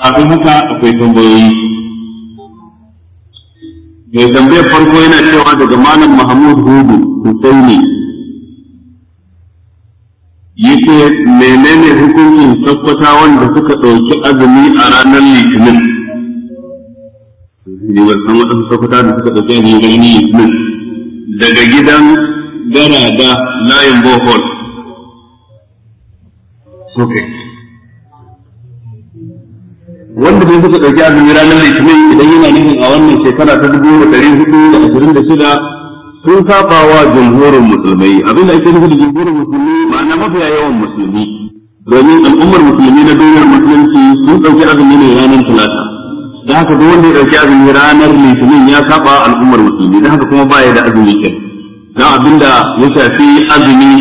kafin haka akwai tambayoyi mai tambayar farko yana cewa daga malam mahmud hudu husaini yace menene hukuncin tabbata wanda suka ɗauki azumi a ranar litinin ne waɗansu da suka ɗauki azumi ranar litinin daga gidan garada layin bohol wanda bai suka dauki azumi ranar litinin idan yana nufin a wannan shekara ta dubu da ɗari hudu da ashirin da shida sun saba wa jamhurin musulmai abinda ake nufi da jamhurin musulmi ma'ana mafiya yawan musulmi domin al'ummar musulmi na duniyar musulunci sun dauki azumi ne ranar talata da haka duk wanda ya dauki azumi ranar litinin ya saba al'ummar musulmi da haka kuma baya da azumi kai don abinda ya shafi azumi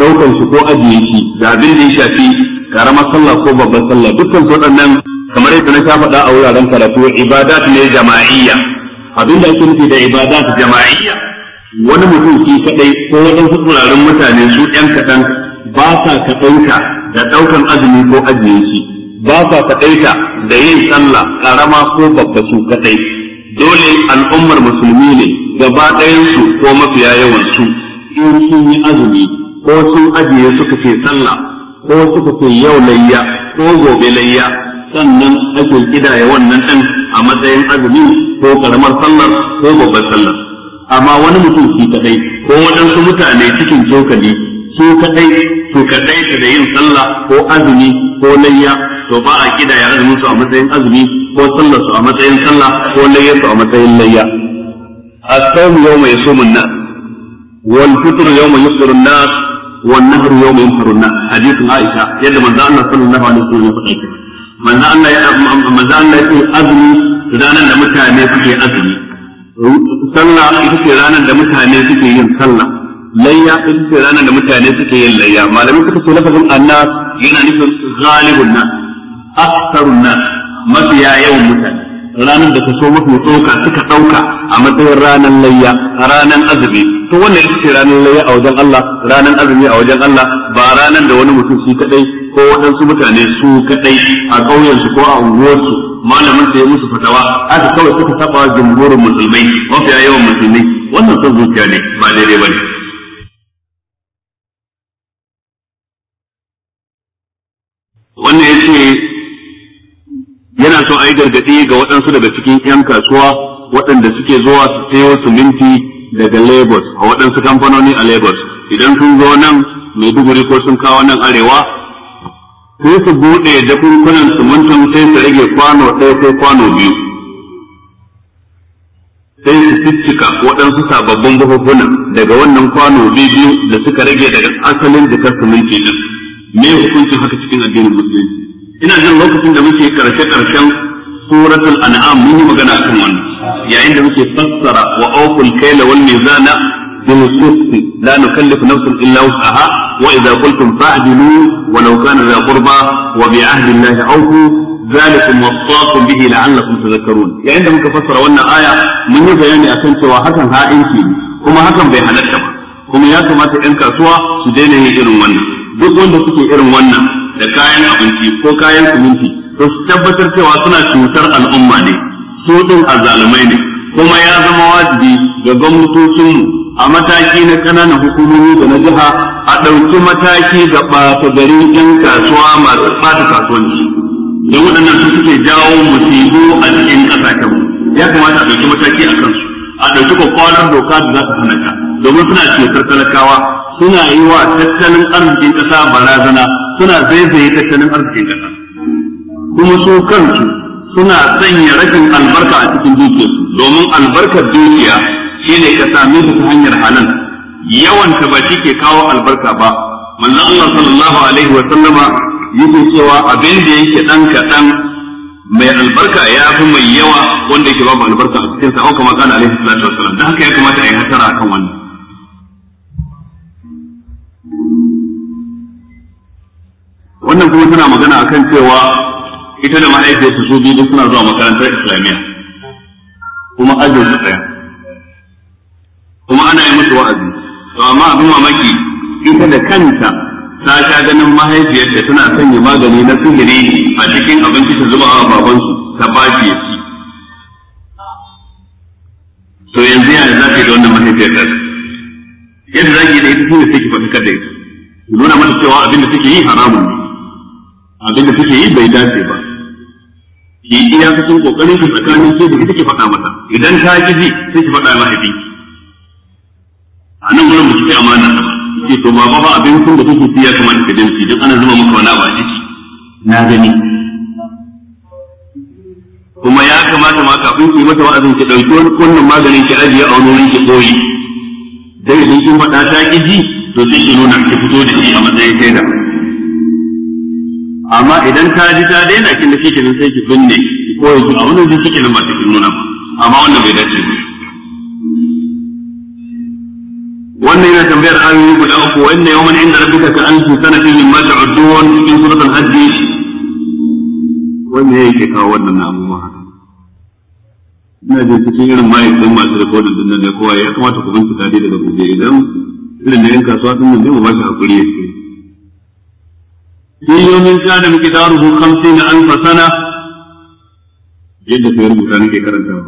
ɗaukar su ko ajiye shi da abinda ya shafi karamar sallah ko babbar sallah dukkan su waɗannan kamar yadda na sha faɗa a wuraren karatu ibadat ne jama'iyya abinda ake nufi da ibadat jama'iyya wani mutum shi kadai ko waɗansu turaren mutane su ɗan kaɗan ba sa kaɗauka da ɗaukan azumi ko ajiye shi ba sa kaɗaita da yin sallah ƙarama ko babba su kaɗai dole al'ummar musulmi ne gaba ɗayansu ko mafiya yawansu in sun yi azumi ko sun ajiye suka ce sallah ko suka ce yau layya ko gobe layya sannan ake kidaya wannan ɗan a matsayin azumi ko karamar sallar ko babbar sallar amma wani mutum shi kadai ko waɗansu mutane cikin cokali su kadai su kadai da yin sallah ko azumi ko layya to ba a kidaya azumin su a matsayin azumi ko sallar su a matsayin sallah ko layyar su a matsayin layya الصوم يوم يصوم الناس والفطر يوم يفطر الناس والنهر يوم ينهر الناس حديث aisha yadda من ذا na صلى sun yi وسلم manzo Allah ya manzo Allah ya ce azumi ranar da mutane suke azumi sallah ita ce ranar da mutane suke yin sallah layya ita ce ranar da mutane suke yin layya malamin suka ce lafazin annas yana nufin ghalibun nas aktharun nas mafiya yawan mutane ranar da ta so mafi tsoka suka ɗauka a matsayin ranar layya ranar azumi to wannan ita ce ranar laye a wajen Allah ranar azumi a wajen Allah ba ranar da wani mutum shi kadai ko waɗansu mutane su kadai a su ko a unguwarsu malamin ya musu fatawa aka kawai suka saba jumhurin musulmai mafiya yawan musulmai wannan son zuciya ne ba daidai ba ne wannan ya ce yana so a yi gargaɗi ga waɗansu daga cikin 'yan kasuwa waɗanda suke zuwa su sayo siminti daga Lagos a waɗansu kamfanoni a Lagos idan sun zo nan Maiduguri ko sun kawo nan arewa sai su buɗe da kunkunan sumuntan sai su rage kwano ɗaya ko kwano biyu sai su ciccika waɗansu sababbin buhuhuna daga wannan kwano biyu da suka rage daga asalin jikar suminti din me hukuncin haka cikin addinin musulunci ina jin lokacin da muke karshe karshen suratul an'am mun yi magana kan wannan yayin da muke fassara wa awful kayla wal mizana bil qist la nukallifu nafsan illa wus'aha wa idza qultum fa'dilu walau kana dha qurba wa bi ahdi allahi awfu ذلكم وصاكم به لعلكم تذكرون يعني عندما كفسر وانا آية من يبياني أكن سوى حسن هائنكي كما حسن بيحنك kuma ya kamata 'yan kasuwa su daina yin irin wannan duk wanda suke irin wannan da kayan abinci ko kayan siminti to su tabbatar cewa suna cutar al'umma ne su a azzalumai ne kuma ya zama wajibi ga gwamnatocin a mataki na kananan hukumomi da na jiha a ɗauki mataki ga ɓata garin ƴan kasuwa masu ɓata kasuwanci don waɗannan su suke jawo musibu a cikin ƙasashen ya kamata a ɗauki mataki a kansu a ɗauki kwakwalar doka da za ta hana ka domin suna cutar talakawa suna yi wa tattalin arzikin ƙasa barazana suna zaizaye tattalin arzikin ƙasa kuma su kansu suna sanya rashin albarka a cikin dukiyarsu domin albarkar dukiya shine ka same su ta hanyar halal yawan ta ba shi ke kawo albarka ba manzon Allah sallallahu alaihi wa sallama yake cewa abin da yake dan kadan mai albarka ya fi mai yawa wanda yake babu albarka a cikin sa kuma kana alaihi wa sallam dan haka ya kamata a yi hatara akan wannan wannan kuma tana magana akan cewa ita da ma'aikata su biyu suna zuwa makarantar islamiyya kuma ajin su ɗaya kuma ana yi musu wa'azi to amma abin mamaki ita da kanta ta sha ganin mahaifiyarta tana sanya magani na sihiri a cikin abinci ta zuba a babansu ta ba shi ya ci to yanzu yana za ta yi da wannan mahaifiyarta yadda za ki yi da ita shine sai ki faɗi kada ita nuna mata cewa abin da take yi haramun ne abin da take yi bai dace ba yi iyakacin kokarin ka tsakanin ke da ita ke faɗa mata idan ta ki ji sai ki faɗa mahaifi a nan gurin ba ki amana ce to baba ba abin kun da kuke ya kamar ka dinki don ana zuma maka wani abu a ciki na gani kuma ya kamata ma kafin ki mata wa'azin ki dauki wani kunnan maganin ki ajiye a wani ki koyi dai idan kin faɗa ta ki ji to sai ki nuna ki fito da shi a matsayin kai da amma idan ka ji ta daina kin da shi sai ki binne ko ya ji abin da shi kenan ba ta nuna ba amma wannan bai dace ba wannan yana tambayar ayoyi guda uku wa inna yawman inda rabbika ka alfu sanatin mimma ta'udun cikin suratul hajj wanda yake kawo wannan abubuwa ina jin cikin irin ma'aikatan masu rikodin dinnan ne kowa ya kamata ku bincika dai daga gobe idan irin da yan kasuwa din nan ne mu ba shi hakuri في يوم كان مقداره خمسين ألف سنة yadda sai rubuta nake karantawa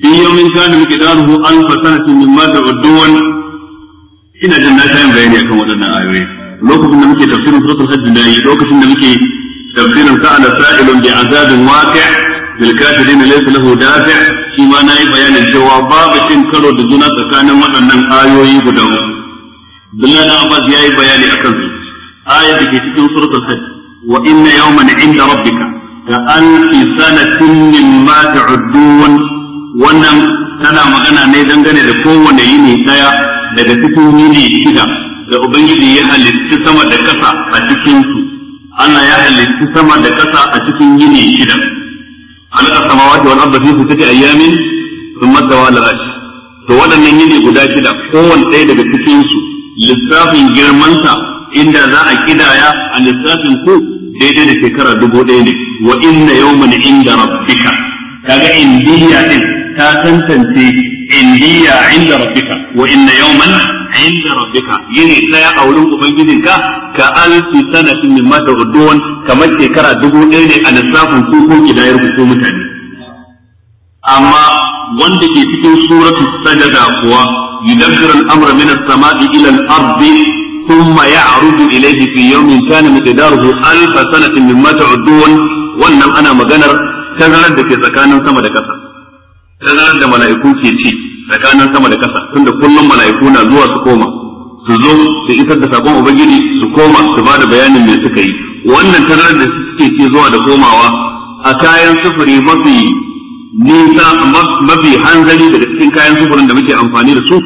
fi yawmin kana miqdaruhu alf sanatin mimma ta'udun ina jin na tayin bayani akan waɗannan ayoyi lokacin da muke tafsirin suratul hajj da yi lokacin da muke tafsirin sa'ala sa'ilun bi azabin waqi' bil kafirin laysa lahu dafi' shi ma nayi bayanin cewa babu cin karo da juna tsakanin waɗannan ayoyi guda uku Abdullahi Abbas yayi bayani akan su ayar da ke cikin suratul hajj wa inna yawman inda rabbika ka alfi sanatin mimma ta'udun wannan tana magana ne dangane da kowane yini daya daga cikin yini shida da ubangiji ya halitta sama da kasa a cikin su Allah ya halitta sama da kasa a cikin yini shida halaka samawati wal ardi fi sittati ayyamin thumma tawala al-arsh to waɗannan yini guda shida kowanne daga cikin su lissafin girmansa inda za a kidaya a lissafin ku daidai da shekara dubu ɗaya ne wa inna yawman inda rabbika kaga indiya din ta tantance indiya inda rabbika wa inna yawman inda rabbika yini daya a wurin ubangijin ka alfi sanatin min ma ta'udun kamar shekara dubu ɗaya ne a lissafin ku ko kidayar ku ko mutane amma wanda ke cikin suratul sajada kuwa yudabbiru al-amra min as-sama'i ila al-ardi ثم يعرض إليه في يوم كان مقداره ألف سنة مما تعدون wannan ana maganar tazarar da ke tsakanin sama da ƙasa tazarar da mala'iku ke ci tsakanin sama da ƙasa tunda kullum mala'iku na zuwa su koma su zo su isar da sakon ubangiji su koma su ba da bayanin me suka yi wannan tazarar da suke ci zuwa da komawa a kayan sufuri mafi nisa mafi hanzari daga cikin kayan sufurin da muke amfani da su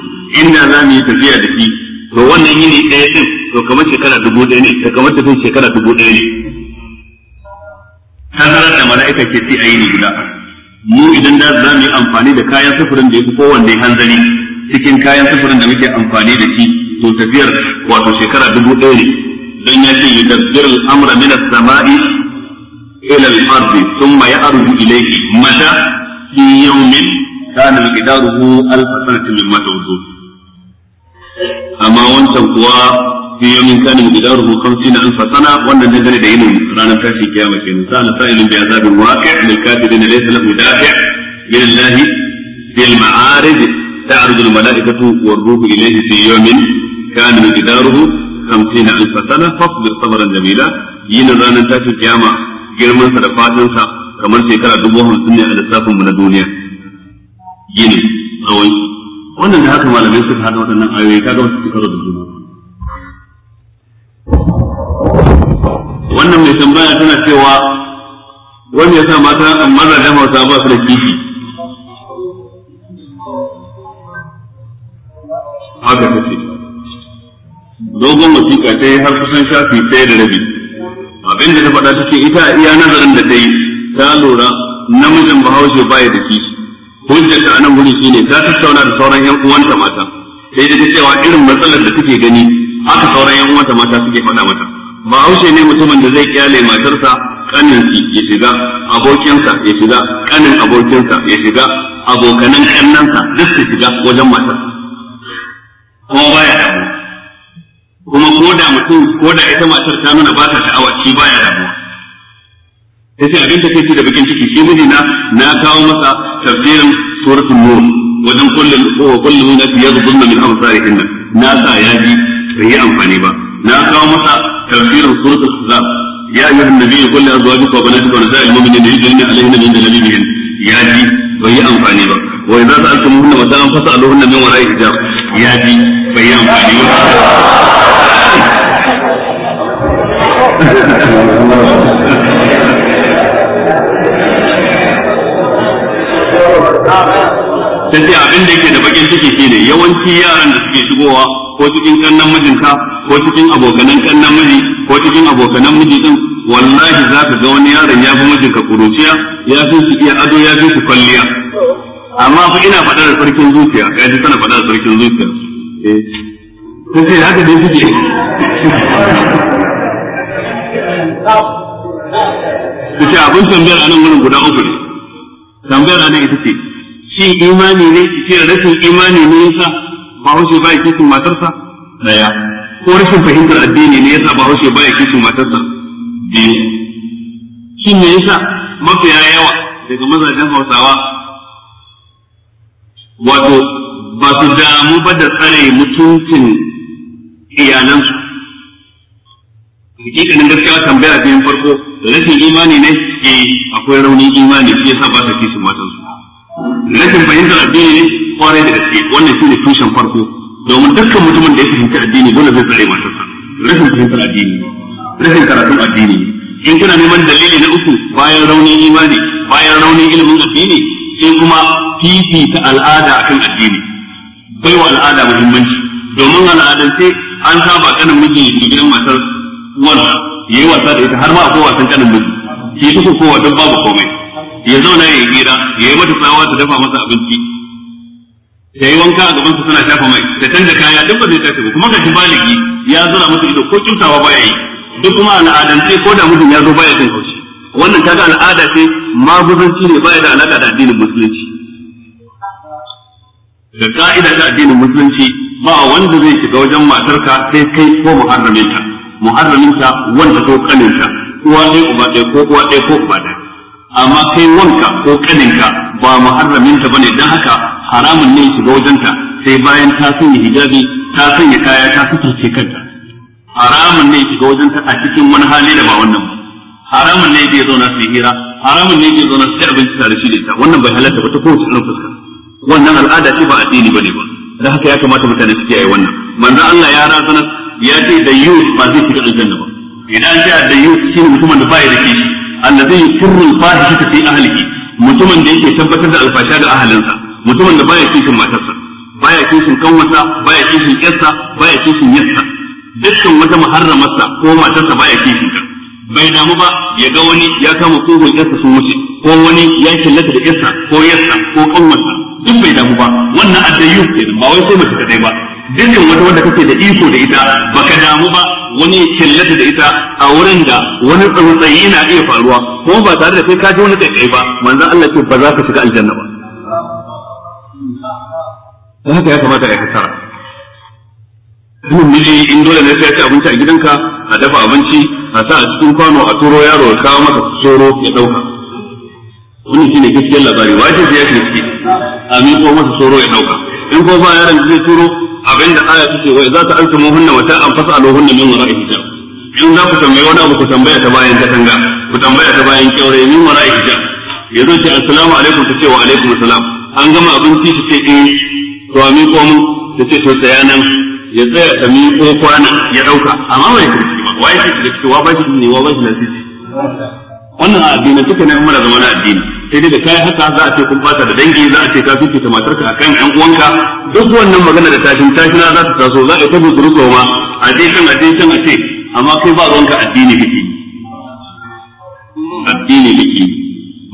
inda za mu yi tafiya da shi to wannan yini ɗaya ɗin to kamar shekara dubu ɗaya ne to kamar tafin shekara dubu ɗaya ne zara da mala'ika ke ci a yini guda mu idan da za mu yi amfani da kayan sufurin da ya fi kowanne hanzari cikin kayan sufurin da muke amfani da shi to tafiyar wato shekara dubu ɗaya ne don ya ce yudabbir al'amra min as-sama'i ila al-ardi thumma ya'rudu ilayhi mata fi yawmin kana miqdaruhu alf sanati mimma tawzun amma wancan kuwa fi yawmin kana miqdaruhu na alfa sana wannan dangane da yin ranar tashi kiyama ke nan sa'an sa'ilin bi azabin waqi' lil kafirin laysa lahu dafi' min Allah fil ma'arij ta'rudu al mala'ikatu wa ruhu ilayhi fi yawmin kana miqdaruhu 50 alfa sana fasbir sabran jamila na ranar tashi kiyama girman sa da fatan sa kamar shekara dubu hamsin ne a lissafin mu na duniya yini tsawon wannan da haka malamai suka hada waɗannan ayoyi kaga wasu su karo da juna wannan mai tambaya tana cewa wani ya sa mata maza da hausa ba su da kifi haka ta ce dogon wasiƙa ta yi har kusan shafi ɗaya da rabi abinda ta faɗa ta ce ita iya nazarin da ta yi ta lura namijin bahaushe baya da kifi hujjar ta anan wurin shine ta tattauna da sauran yan uwanta mata sai da cewa irin matsalar da take gani haka sauran yan uwanta mata suke faɗa mata ba haushe ne mutumin da zai kyale matarsa kanin shi ya shiga abokinsa ya shiga kanin abokinsa ya shiga abokanan kannansa duk su shiga wajen matar kuma baya damuwa kuma ko da mutum ko da ita matar ta nuna ba ta sha'awa shi baya damuwa yace abin da kake da bakin ciki shi miji na na kawo masa tafsirin suratul nur wajen kullun wa kullun na fi yadhunna min absarihin na sa ya ji bai yi amfani ba na kawo masa tafsirin suratul zab ya ayyuhan nabiyyu qul li azwajika wa banatika wa nisa'il mu'minina yudnina alayhinna min jalabibihin ya ji bai yi amfani ba wa idza sa'altumuhunna mata'an fas'aluhunna min wara'i hijab ya ji bai yi amfani ba ta ce abin da yake da bakin ciki ne yawanci yaran da suke shigowa ko cikin kannan mijinka ko cikin abokanan kannan miji ko cikin abokanan miji din wallahi za ka ga wani yaron ya fi mijinka kuruciya ya fi su iya ado ya fi su kwalliya amma fa ina faɗa da sarkin zuciya ka ji tana faɗa da sarkin zuciya eh. ta ce haka dai suke ta ce abin tambayar anan wurin guda uku ne tambayar anan ita ce Cin imani ne ce rashin imani ne yasa ba haushe ba ya kishin matarsa daya ko rashin fahimtar addini ne yasa ba haushe ba ya kishin matarsa biyu Shin ne yasa mafiya yawa daga mazajen hausawa wato ba su damu ba da tsare mutuncin iyalansu hakikanin gaskiya tambaya biyun farko rashin imani ne ke eh, akwai raunin imani shi yasa ba ta kishin matarsa? rashin fahimtar addini ne kwarai da gaske wannan ne tushen farko domin dukkan mutumin da ya fahimci addini dole zai tsare matarsa rashin fahimtar addini rashin karatun addini in kuna neman dalili na uku bayan raunin imani bayan raunin ilimin addini sai kuma fifita al'ada akan addini bai wa al'ada muhimmanci domin al'adance an saba kanin miji da gidan matar wannan yayi wasa da ita har ma akwai wasan kanin miji ke duka kowa don babu komai ya zauna ya hira ya yi mata tsawa ta dafa masa abinci ta yi wanka a gabansa suna shafa mai ta canza kaya duk ba zai tashi ba kuma ga baligi ya zura masa ido ko kimtawa baya yi duk kuma al'adance ko da mutum ya zo baya jin haushi wannan kaga al'ada ce maguzanci ne baya da alaka da addinin musulunci da ka'ida ta addinin musulunci ba wanda zai shiga wajen matarka sai kai ko muharraminta muharraminta wanda ko kaninta uwa ɗaya uba ɗaya ko uwa ɗaya ko uba ɗaya amma kai wanka ko kaninka ba ta bane dan haka haramun ne shiga wajenta sai bayan ta sanya hijabi ta sanya kaya ta suturce kanta haramun ne shiga wajenta a cikin wani hali da ba wannan ba haramun ne zai zauna su hira haramun ne zai zauna su abinci tare shi da ita wannan bai halatta ba ta kowace irin fuska wannan al'ada ce ba addini bane ba dan haka ya kamata mutane su kiyaye wannan manzo Allah ya razana ya ce da yus ba zai shiga aljanna ba idan ya da yus shi mutumin da bai da kishi allazi yusirru al-fahishata fi ahlihi mutumin da yake tabbatar da alfasha ga ahalinsa mutumin da baya kishin matarsa baya kishin kanwarsa baya kishin yarsa baya kishin yarsa dukkan wata muharramarsa ko matarsa baya kishin ka bai damu ba ya ga wani ya kama kogon yarsa sun wuce ko wani ya killata da yarsa ko yarsa ko kanwarsa duk bai damu ba wannan addayu kenan ba wai sai mace kadai ba dukkan wata wanda kake da iko da ita baka damu ba wani killata da ita a wurin da wani tsautsayi na iya faruwa kuma ba tare da kai ka ji wani kai ba manzo Allah ce ba za ka shiga aljanna ba da haka ya kamata a kasara. hasara miji in dole ne sai ci abinci a gidanka a dafa abinci a sa a cikin kwano a turo yaro ya kawo maka tsoro ya dauka wani shi ne gaskiyar labari wajibi ya ce ciki a miƙo masa tsoro ya dauka in ko ba yaron zai turo abinda aya take wa idza wata an ta'an fas'aluhunna min wara'i hijab in za ku tambaye wani abu ku tambaya ta bayan katanga ku tambaya ta bayan kyaure min wara'i hijab yazo ce assalamu alaikum ta ce wa alaikum assalam an gama abinci ta ce eh to a miƙo mun ta ce to tsaya nan ya tsaya ta miƙo kwana ya ɗauka amma bai kirki ba wai ki da cewa ba shi ne wa ba shi lafiya wannan addini suka ne umar da na addini sai dai da kai haka za a ce kun fata da dangi za a ce ka fice ta matarka a kan ɗan uwanka duk wannan magana da tashin tashina za ta taso za a ta bi ma a je kan a je kan a ce amma kai ba ruwanka addini kake addini kake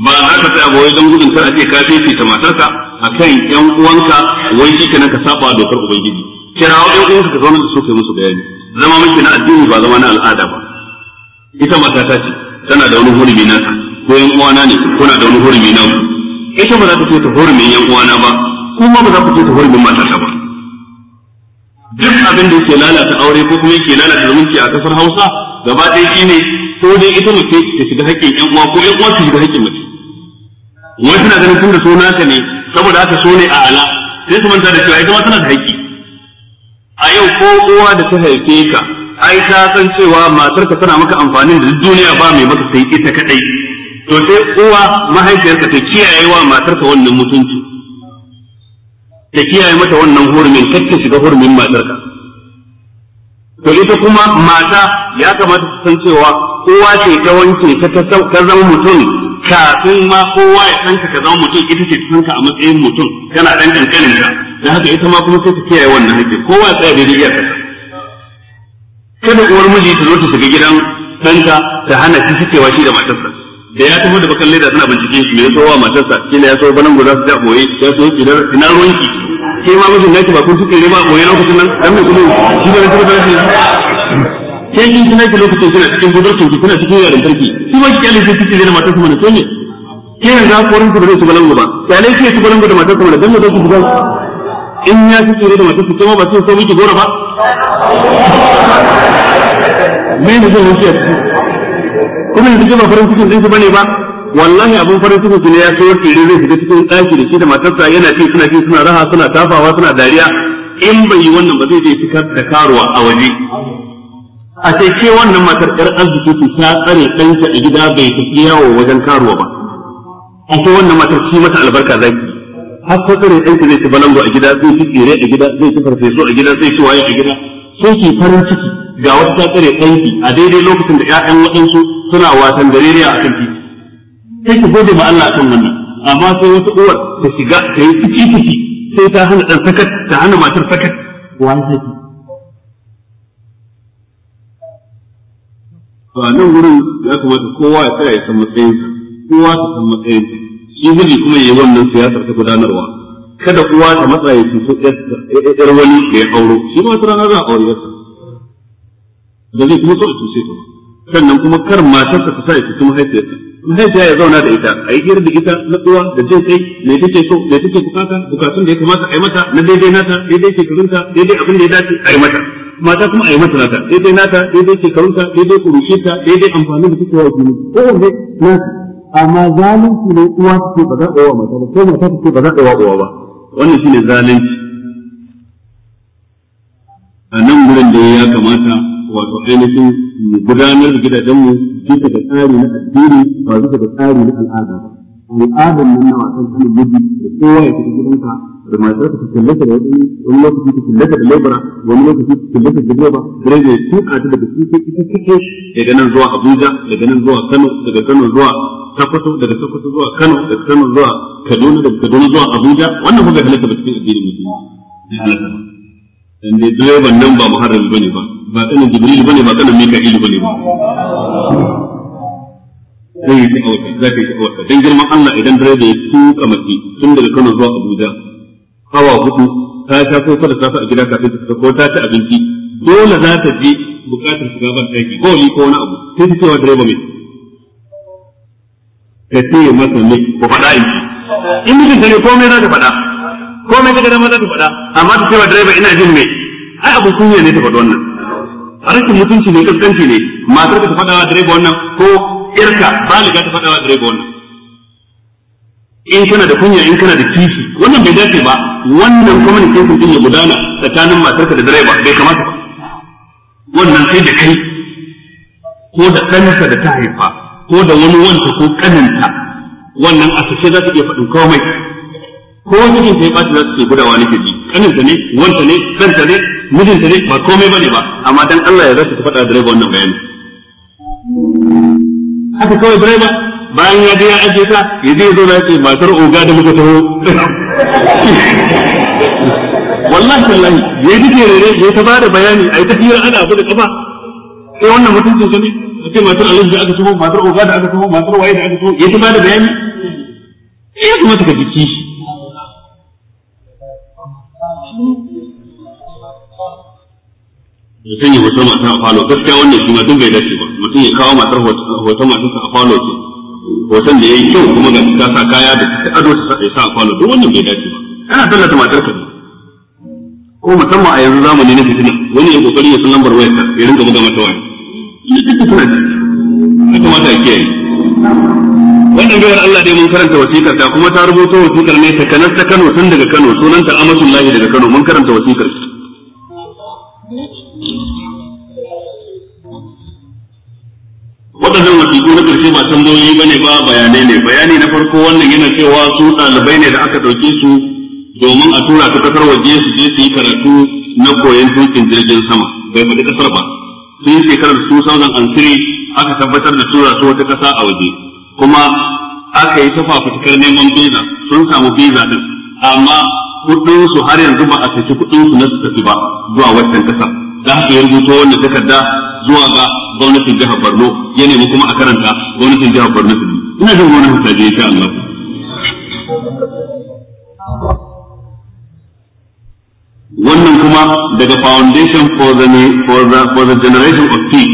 ba haka ta tsaya wai don gudun kar a ce ka fice ta matarka a kan ɗan uwanka wai shi kenan ka saba dokar ubangiji kirawo ɗan uwanka ka nan da su kai musu bayani zama miki na addini ba zama na al'ada ba ita matata ce tana da wani hurumi naka ko yan uwana ne kuna da wani hurumi na ita ba za ta ce ta hurumin yan uwana ba kuma ba za ku ce ta hurumin matarka ba duk abin da yake lalata aure ko kuma yake lalata zumunci a kasar Hausa gaba ɗaya shine ko dai ita mace ta shiga haƙƙin 'yan uwa ko 'yan uwa su shiga haƙƙin mace wani tana ganin tun da so naka ne saboda haka so ne a ala sai su manta da cewa ita ma tana da haƙƙi a yau ko uwa da ta haife ka ai ta san cewa matarka tana maka amfanin da duniya ba mai maka sai ita kadai to sai uwa mahaifiyarka ta kiyaye wa matarka wannan mutunci ta kiyaye mata wannan hurumin kakke shiga hurumin matarka to ita kuma mata ya kamata ta san cewa uwa ce ta wanke ta ta zama mutum kafin ma kowa ya san ka zama mutum ita ce ta a matsayin mutum tana dan kankanin ta dan haka ita ma kuma sai ta kiyaye wannan hakki kowa ya tsaya daidai iyaka kada uwar miji ta zo ta shiga gidan ɗanta ta hana shi cikewa shi da matarsa da ya taho da bakan leda suna bincike shi ya sowa matarsa ne ya so banan guda su ta boye ya so dar ina ruwanki ke ma mijin naki ba kun tukare ma boye lokacin nan dan mai kudu shi ba ta da shi ke kin kina ki lokacin kina cikin budurcin ki kuna cikin yaran tarki shi ma ki kyale sai kike da matarsa mana sonye ke yanzu za ku rinka da su balangu ba ne ke su balangu da matarsa mana dan mai kudu in ya ci tsoro da matarsa kuma ba sai so miki gora ba me ne zan yi a cikin kuma da ke ba farin cikin ɗinsu bane ba wallahi abin farin cikin su ne ya so fere zai fita cikin ɗaki da shi da matarsa yana ci suna ci suna raha suna tafawa suna dariya in bai yi wannan ba zai je fitar da karuwa a waje a sai ke wannan matar ƴar arziki ce ta tsare ɗansa a gida bai tafi yawo wajen karuwa ba a sai wannan matar shi mata albarka zaki har ko tsare ɗansa zai ci balango a gida zai ci tsire a gida zai ci farfesu a gida zai ci waye a gida sai ke farin ciki ga wata ta tsare ɗanki a daidai lokacin da ƴaƴan waɗansu suna watan gareriya akan titi sai ki gode ma Allah akan nan amma sai wata uwar ta shiga ta yi ciki ciki sai ta hana dan sakat ta hana matar sakat wani sai to a nan wurin ya kamata kowa ya tsaya ya san matsayinsa kowa ta san matsayinsa shi miji kuma yayi wannan siyasar ta gudanarwa kada uwa ta matsa ya fito yar wani da ya auro shi ma wata rana za a aure yarsa da zai kuma so sosai ba sannan kuma kar matarsa ta sa ya cuci mahaifiyarsa mahaifiya ya zauna da ita a yi da ita na tsuwa da jin kai me take so me take bukata bukatun da ya kamata a yi mata na daidai nata daidai shekarunta daidai abin da ya dace a yi mata mata kuma a yi mata nata daidai nata daidai shekarunta daidai ta, daidai amfani da take wa jini ko wanne nata amma zalunci ne uwa take ba za a yi wa mata ba ko mata take ba za a yi wa uwa ba wannan shine zalunci a nan gurin da ya kamata wato ainihin gudanar da gidajenmu bisa da tsari na addini ba bisa ga tsari na al'ada ba al'adar nan na wasan kanin miji da kowa ya fita gidanka da matar ka tallata da wani wani lokaci ka tallata da lebura wani lokaci ka tallata da direba direba ya tuka ta daga cikin ita kike daga nan zuwa Abuja daga nan zuwa Kano daga Kano zuwa Sokoto daga Sokoto zuwa Kano daga Kano zuwa Kaduna daga Kaduna zuwa Abuja wannan kuma bai halatta ba cikin addinin musulmi bai halatta ba dan dai direban nan ba muharrami bane ba ba kanin jibril bane ba kanin mika'il bane ba zai yi sha'awarta za ta yi sha'awarta don girman Allah idan dare da ya tuka mace tun daga Kano zuwa Abuja hawa hudu ta sha ko fada safa a gida kafin ta ko ta ci abinci dole za ta je bukatar shiga ban aiki ko ko wani abu sai ta cewa direba mai ta ce masa ne ko faɗa yi in mutum ta ne komai za ta faɗa komai ta gada ma za ta faɗa amma ta cewa direba ina jin mai ai abin kunya ne ta faɗi wannan rashin mutunci ne kaskanci ne matar ka ta faɗa wa direba wannan ko irka baliga ta faɗa wa direba wannan in kana da kunya in kana da kishi wannan bai dace ba wannan communication din ya gudana tsakanin matar ka da direba bai kamata ba wannan sai da kai ko da ɗanka da ta haifa ko da wani wanta ko kaninta wannan a za ta iya faɗin komai ko cikin ta ya ɓaci za su ke gudawa nake ji kaninta ne wanta ne kanta ne mijinta ne ba komai bane ba amma dan Allah ya zaka faɗa direba wannan bayani haka kawai direba bayan ya je ya aje ta ya je zo na ce matar oga da muka taho wallahi wallahi ya ji rere ya ta bada bayani ai ta hira ana abu da kafa sai wannan mutuncin sa ne ce matar Allah da aka taho matar oga da aka taho matar waye da aka taho ya ta bada bayani ya kuma ta ji kishi ya sanya wata mata a falo gaskiya wannan shi ma bai dace ba mutum ya kawo matar wata matarsa a falo ce hoton da ya yi kyau kuma ga ta sa kaya da ta ado ta sa a falo duk wannan bai dace ba ana tallata matar ka ko musamman a yanzu zamani na fitina wani ya kokari ya san lambar wayarka ya rinka buga mata waya. ina duk fitina ce ya kamata a kiyaye wannan bayar Allah dai mun karanta wasikar ta kuma ta rubuto wasiƙar ne ta kanar ta Kano tun daga Kano sunanta Amasullahi daga Kano mun karanta wasikar wasiƙu na ƙarshe ba tambayoyi ba ne ba bayanai ne bayani na farko wannan yana cewa su ɗalibai ne da aka ɗauke su domin a tura ta ƙasar waje su je su yi karatu na koyon tukin jirgin sama bai faɗi ƙasar ba sun shekarar 2003 aka tabbatar da tura su wata ƙasa a waje kuma aka yi tafa fitakar neman biza sun samu biza din amma kuɗin su har yanzu ba a saki kuɗin su na su tafi ba zuwa wancan ƙasa da haka ya rubuto wannan takarda zuwa ga gwamnatin jihar Borno ya nemi kuma a karanta gwamnatin jihar Borno su ina jin wani hasaje insha Allah wannan kuma daga foundation for the for the for the generation of tea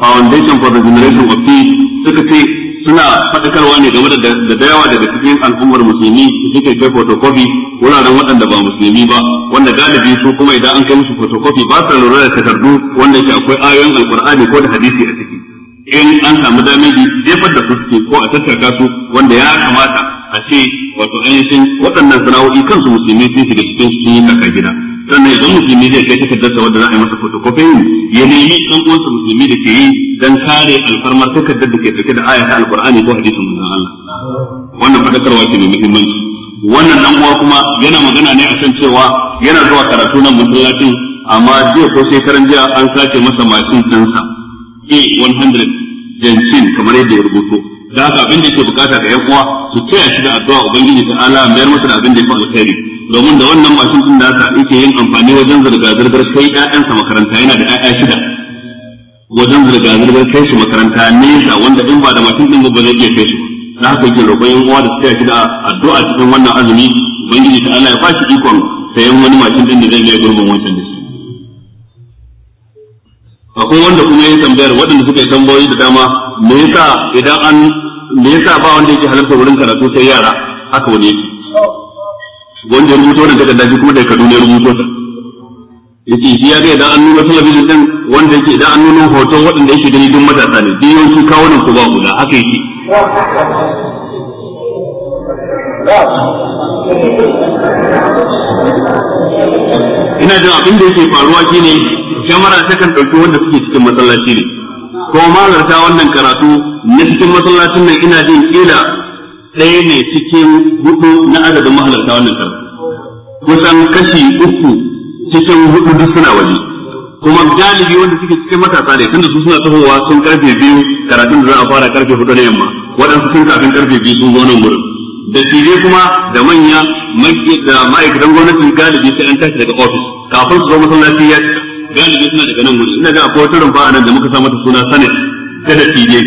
foundation for the generation of tea suka ce suna faɗakarwa ne game da da yawa daga cikin al'ummar musulmi suke kai photocopy wuraren waɗanda ba musulmi ba wanda galibi su kuma idan an kai musu photocopy ba sa lura da takardu wanda yake akwai ayoyin alkur'ani ko da hadisi a ciki in an samu damiji jefar da su suke ko a tattaka su wanda ya kamata a ce wato ainihin waɗannan sana'o'i kansu musulmi sun shiga cikin sun yi kaka gida sannan idan musulmi zai kai takardarsa wanda za a yi masa photocopy ya nemi ɗan uwansa musulmi da ke yi dan kare alfarmar takardar da ke dauke da ayata alkur'ani ko hadisin manzon Allah wannan fadakarwa ce mai muhimmanci wannan nan uwa kuma yana magana ne a akan cewa yana zuwa karatu nan masallacin amma jiya ko shekaran jiya an sace masa mashin ɗinsa A100 Jensin kamar yadda ya rubuto da haka abin da yake bukata ga yan uwa su taya shi da addu'a ubangiji ta ala mayar masa da abin da ya faɗa kai domin da wannan mashin din da aka yake yin amfani wajen zirga zirgar kai ƴaƴansa makaranta yana da ƴaƴa shida wajen zirga zirgar kai su makaranta nesa wanda in ba da mashin din ba zai iya kai da haka yake roƙon yan uwa da su taya da addu'a cikin wannan azumi ubangiji ta Allah ya ba shi ikon sayan wani mashin din da zai ga gurbin wancan da shi akwai wanda kuma ya tambayar waɗanda suka yi tambayoyi da dama me yasa idan an me yasa ba wanda yake halarta wurin karatu sai yara haka wani yake wanda ya rubuto da takarda shi kuma dai Kaduna ya rubuto ta yake shi ya ga idan an nuna talabijin din wanda yake idan an nuna hoton waɗanda yake gani duk matasa ne duk su, kawo nan ku ba da haka yake ina jin abin da yake faruwa shine kyamara takan ɗauki wanda suke cikin masallaci ne ko malarta wannan karatu na cikin masallacin nan ina jin kila ɗaya ne cikin hudu na adadin mahalarta wannan karatu kusan kashi uku cikin hudu duk suna waje kuma galibi wanda suke cikin matasa ne tunda su suna tahowa sun karfe biyu karatun da za a fara karfe hudu na yamma waɗansu sun kafin karfe biyu sun zo nan wurin da tije kuma da manya da ma'aikatan gwamnatin galibi sai an tashi daga ofis kafin su zo masallaci ya cika galibi suna daga nan wurin ina ga akwai wata rumfa nan da muka sa mata suna sanin ta da tije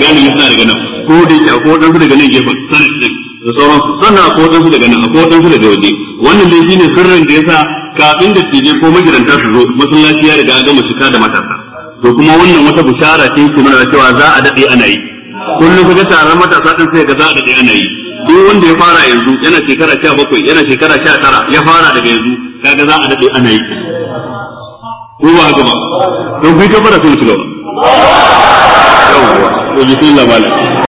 galibi suna daga nan ko da yake akwai waɗansu daga nan gefen sanad din da sauransu sannan akwai waɗansu daga nan akwai waɗansu daga waje wannan dai shine sirrin da yasa kafin da tije ko magidanta su zo masallaci ya riga gama cika da matasa to kuma wannan wata bishara ce ke nuna cewa za a daɗe ana yi kullum kuje taron matasa din sai ga za da yana yi duk wanda ya fara yanzu yana shekara 17 yana shekara 19 ya fara daga yanzu kaga za a dade ana yi ko ba haka ba don kai ka fara sun shi ba yawwa